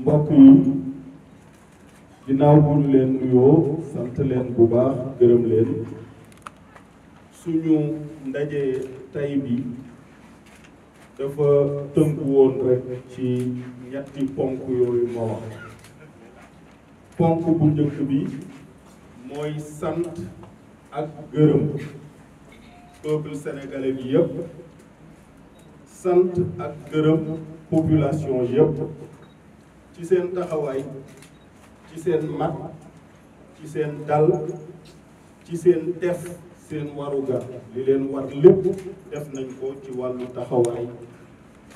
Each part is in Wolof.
mbokk yi ginnaaw bu ñu leen nuyoo sant leen bu baax gërëm leen suñu ndaje tay bi dafa tënku woon rek ci ñetti ponk yooyu ma ponk bu njëkk bi mooy sant ak gërëm peuple sénégalais bi yépp sant ak gërëm population yépp ci seen taxawaay ci seen mag ci seen dal ci seen def seen warugar li leen war lépp def nañ ko ci wàllu taxawaay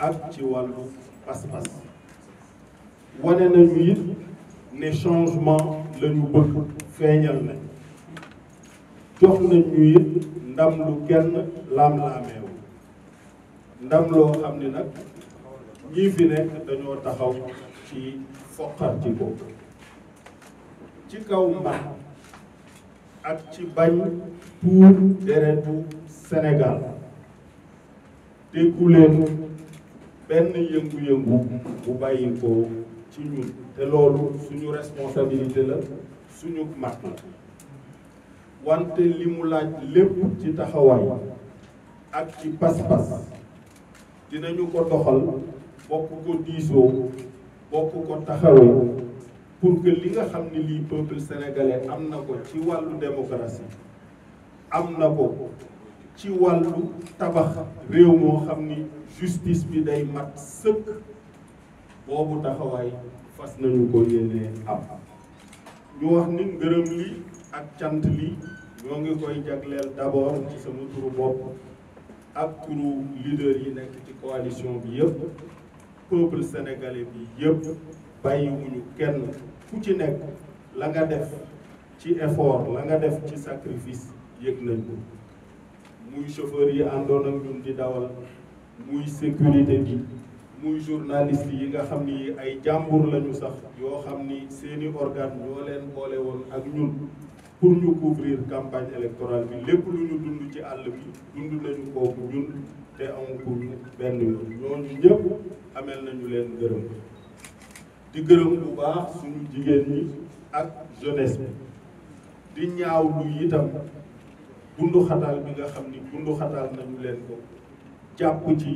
ak ci wàllu pas-pas wane nañu it ne changement la ñu bëgg feeñal nañ jox nañu it ndam lu kenn laam-laameewu ndam loo xam ne nag ñii fi nekk dañoo taxaw ci foqarti boobu ci kaw mbax ak ci bañ tuur deretu Sénégal dégguleen benn yëngu-yëngu bu bàyyi ko ci ñun te loolu suñu responsabilité la suñu mag la wante li mu laaj lépp ci taxawaay ak ci pas-pas dinañu ko doxal bokk ko diisoo bokk ko taxawee pour que li nga xam ne lii peuple sénégalais am na ko ci wàllu démocratie am na ko ci wàllu tabax réew moo xam ni justice bi day mat sëkk boobu taxawaay fas nañu ko yéenee am ñu wax ni ngërëm li ak cant li ñoo ngi koy jagleel d'abord ci sama turu bopp ak turu leader yi nekk ci coalition bi yëpp peuple sénégalais bi yëpp bàyyiwuñu kenn ku ci nekk la nga def ci effort la nga def ci sacrifice yëg nañ ko muy chauffeur yi àndoon ak ñun di dawal muy sécurité bi muy journaliste yi nga xam ni ay jàmbur lañu sax yoo xam ni seeni organe ñoo leen boole woon ak ñun pour ñu couvrir campagne électorale bi lépp lu ñu dund ci àll bi dund nañu kooku ñun te amu benn yoon ñooñu ñëpp amel nañu leen gërëm di gërëm bu baax suñu jigéen ñi ak jeunesse bi di ñaaw lu itam bundu xataal bi nga xam ni bundu nañu leen ko jàpp ci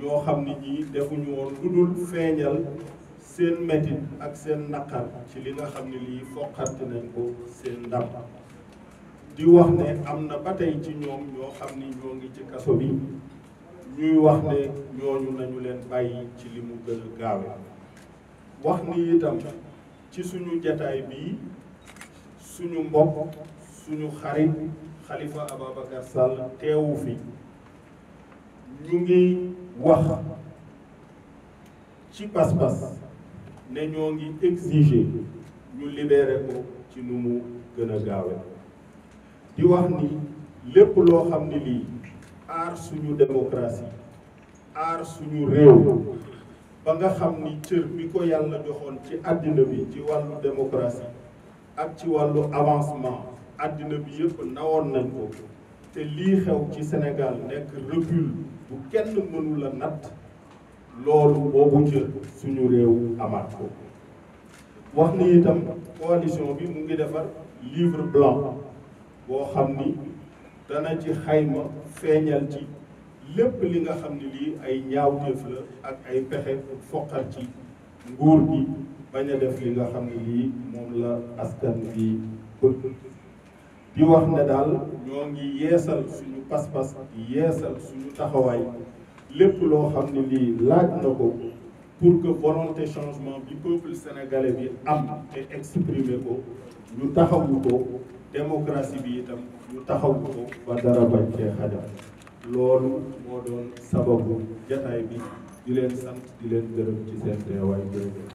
ñoo xam ni ñii defuñu woon lu dul feeñal seen metit ak seen naqar ci li nga xam ne lii foqante nañ ko seen ndam di wax ne am na ba tey ci ñoom ñoo xam ni ñoo ngi ci kaso bi ñuy wax ne ñooñu nañu leen bàyyi ci li mu gën gaawe wax ni itam ci suñu jataay bii suñu mbokk suñu xarit xalifa Ababacar Sall teewu fi ñu ngi wax ci pas-pas ne ñoo ngi exiger ñu libérer ko ci nu mu gën a gaawe di wax ni lépp loo xam ne lii aar suñu démocratie aar suñu réew ba nga xam ni cër bi ko yàlla joxoon ci àddina bi ci wàllu démocratie ak ci wàllu avancement àddina bi yëpp nawoon nañ ko te lii xew ci Sénégal nekk recul bu kenn mënu natt loolu boobu jël suñu réew amaat ko wax ni itam coalition bi mu ngi defar livre blanc boo xam ni dana ci xayma feeñal ci lépp li nga xam ni lii ay ñaawteef la ak ay pexe foqar ci nguur gi bañ a def li nga xam ni lii moom la askan bi bëgg di wax ne daal ñoo ngi yeesal suñu pas-pas di yeesal suñu taxawaay lépp loo xam ne lii laaj na ko pour que volonté changement bi peuple sénégalais bi am te exprimer ko ñu taxawu ko démocratie bi itam ñu taxawu ko ba dara bañ cee xajal loolu moo doon sababu jataay bi di leen sant di leen gërëm ci seen teewaay